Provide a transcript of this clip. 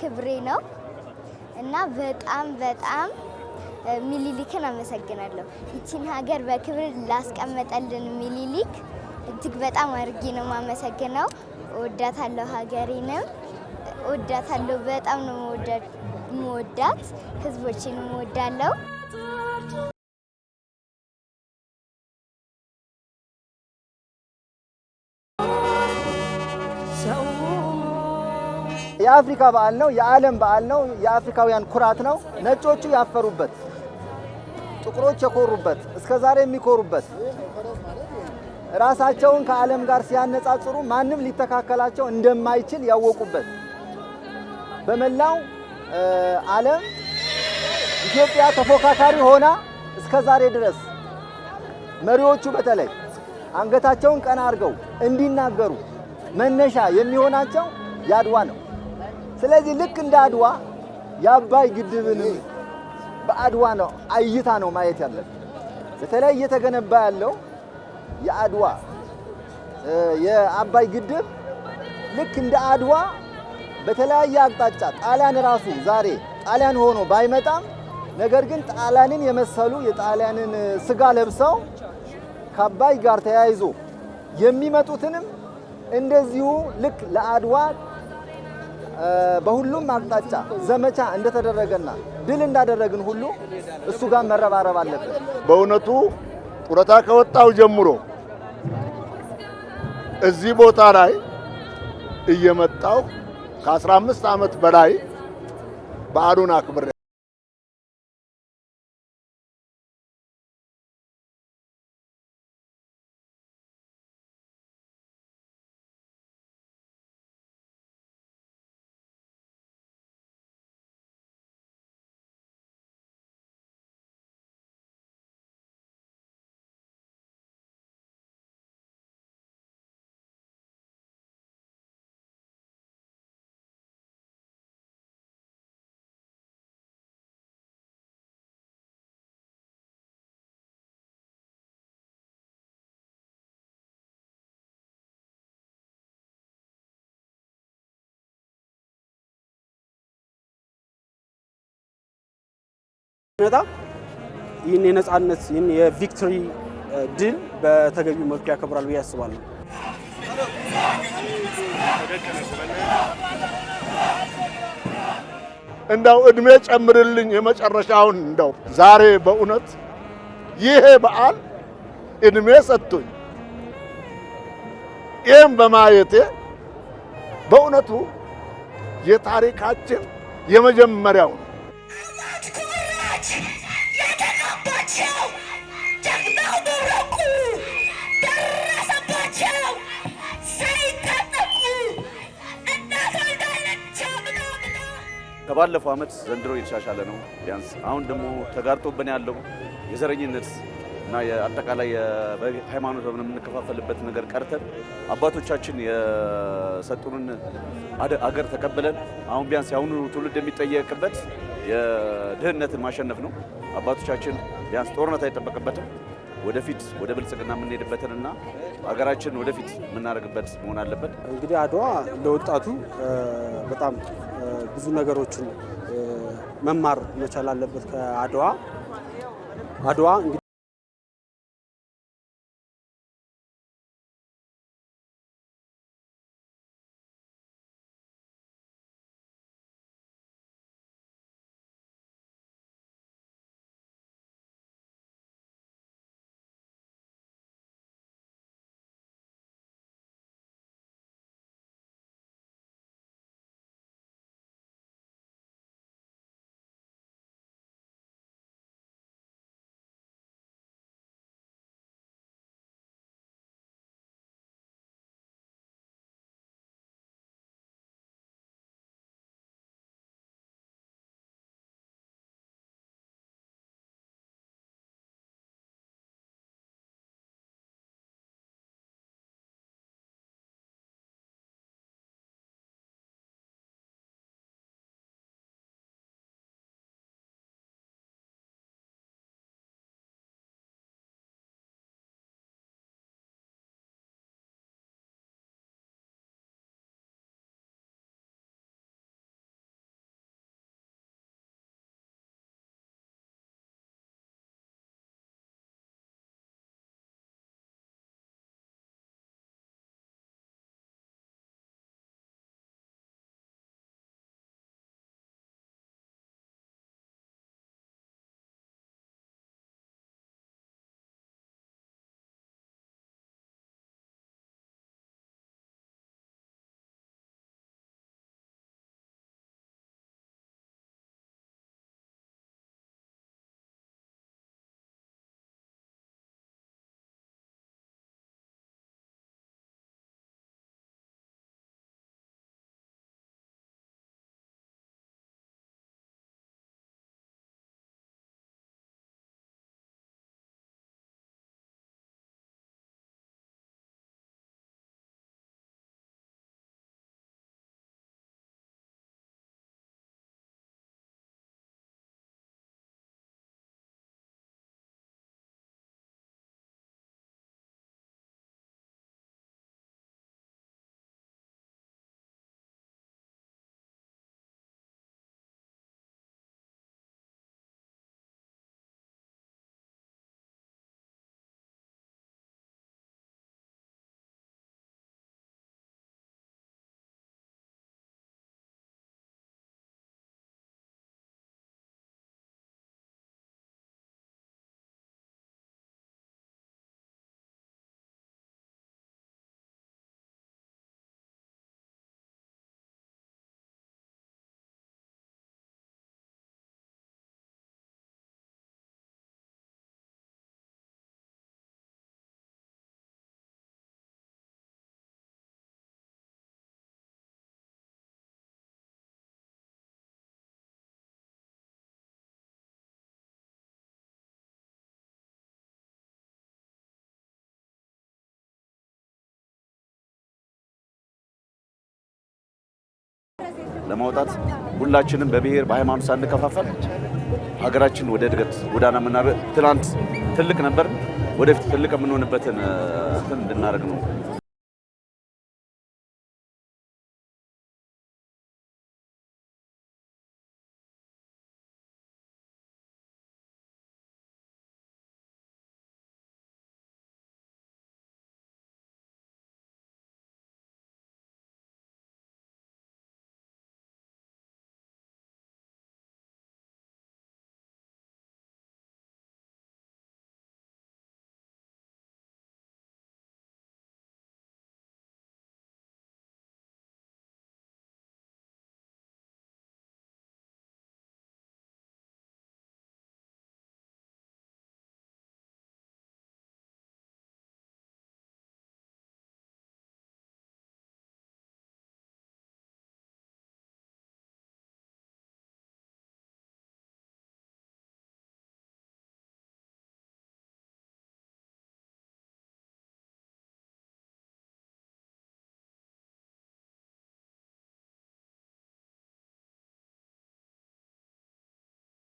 ክብሬ ነው እና በጣም በጣም ሚሊሊክን አመሰግናለሁ። ይችን ሀገር በክብር ላስቀመጠልን ሚሊሊክ እጅግ በጣም አድርጌ ነው የማመሰግነው። እወዳታለሁ፣ ሀገሬንም እወዳታለሁ። በጣም ነው መወዳት፣ ህዝቦችን እወዳለሁ። የአፍሪካ በዓል ነው። የዓለም በዓል ነው። የአፍሪካውያን ኩራት ነው። ነጮቹ ያፈሩበት፣ ጥቁሮች የኮሩበት፣ እስከ ዛሬ የሚኮሩበት ራሳቸውን ከዓለም ጋር ሲያነጻጽሩ ማንም ሊተካከላቸው እንደማይችል ያወቁበት በመላው ዓለም ኢትዮጵያ ተፎካካሪ ሆና እስከ ዛሬ ድረስ መሪዎቹ በተለይ አንገታቸውን ቀና አድርገው እንዲናገሩ መነሻ የሚሆናቸው ያድዋ ነው። ስለዚህ ልክ እንደ አድዋ የአባይ ግድብን በአድዋ ነው እይታ ነው ማየት ያለብን። በተለይ እየተገነባ ያለው የአድዋ የአባይ ግድብ ልክ እንደ አድዋ በተለያየ አቅጣጫ ጣሊያን ራሱ ዛሬ ጣሊያን ሆኖ ባይመጣም ነገር ግን ጣሊያንን የመሰሉ የጣሊያንን ስጋ ለብሰው ከአባይ ጋር ተያይዞ የሚመጡትንም እንደዚሁ ልክ ለአድዋ በሁሉም አቅጣጫ ዘመቻ እንደተደረገና ድል እንዳደረግን ሁሉ እሱ ጋር መረባረብ አለብን። በእውነቱ ጡረታ ከወጣው ጀምሮ እዚህ ቦታ ላይ እየመጣው ከ15 ዓመት በላይ በዓሉን አክብሬ መጣ ይህን የነፃነት ይህን የቪክቶሪ ድል በተገቢው መልኩ ያከብራል ብዬ አስባለሁ። እንደው እድሜ ጨምርልኝ የመጨረሻውን እንደው ዛሬ በእውነት ይሄ በዓል እድሜ ሰጥቶኝ ይህም በማየቴ በእውነቱ የታሪካችን የመጀመሪያው ነው። ከባለፈው ዓመት ዘንድሮ የተሻሻለ ነው። ቢያንስ አሁን ደግሞ ተጋርጦብን ያለው የዘረኝነት እና አጠቃላይ ሃይማኖት በምን የምንከፋፈልበት ነገር ቀርተን አባቶቻችን የሰጡንን አገር ተቀብለን አሁን ቢያንስ የአሁኑ ትውልድ የሚጠየቅበት የድህነትን ማሸነፍ ነው። አባቶቻችን ቢያንስ ጦርነት አይጠበቅበትም። ወደፊት ወደ ብልጽግና የምንሄድበትንና ሀገራችን ወደፊት የምናደርግበት መሆን አለበት። እንግዲህ አድዋ ለወጣቱ በጣም ብዙ ነገሮችን መማር መቻል አለበት ከአድዋ አድዋ ለማውጣት ሁላችንም በብሔር በሃይማኖት ሳንከፋፈል ሀገራችን ወደ እድገት ጎዳና ምናበ ትናንት ትልቅ ነበር፣ ወደፊት ትልቅ የምንሆንበትን እንድናደርግ ነው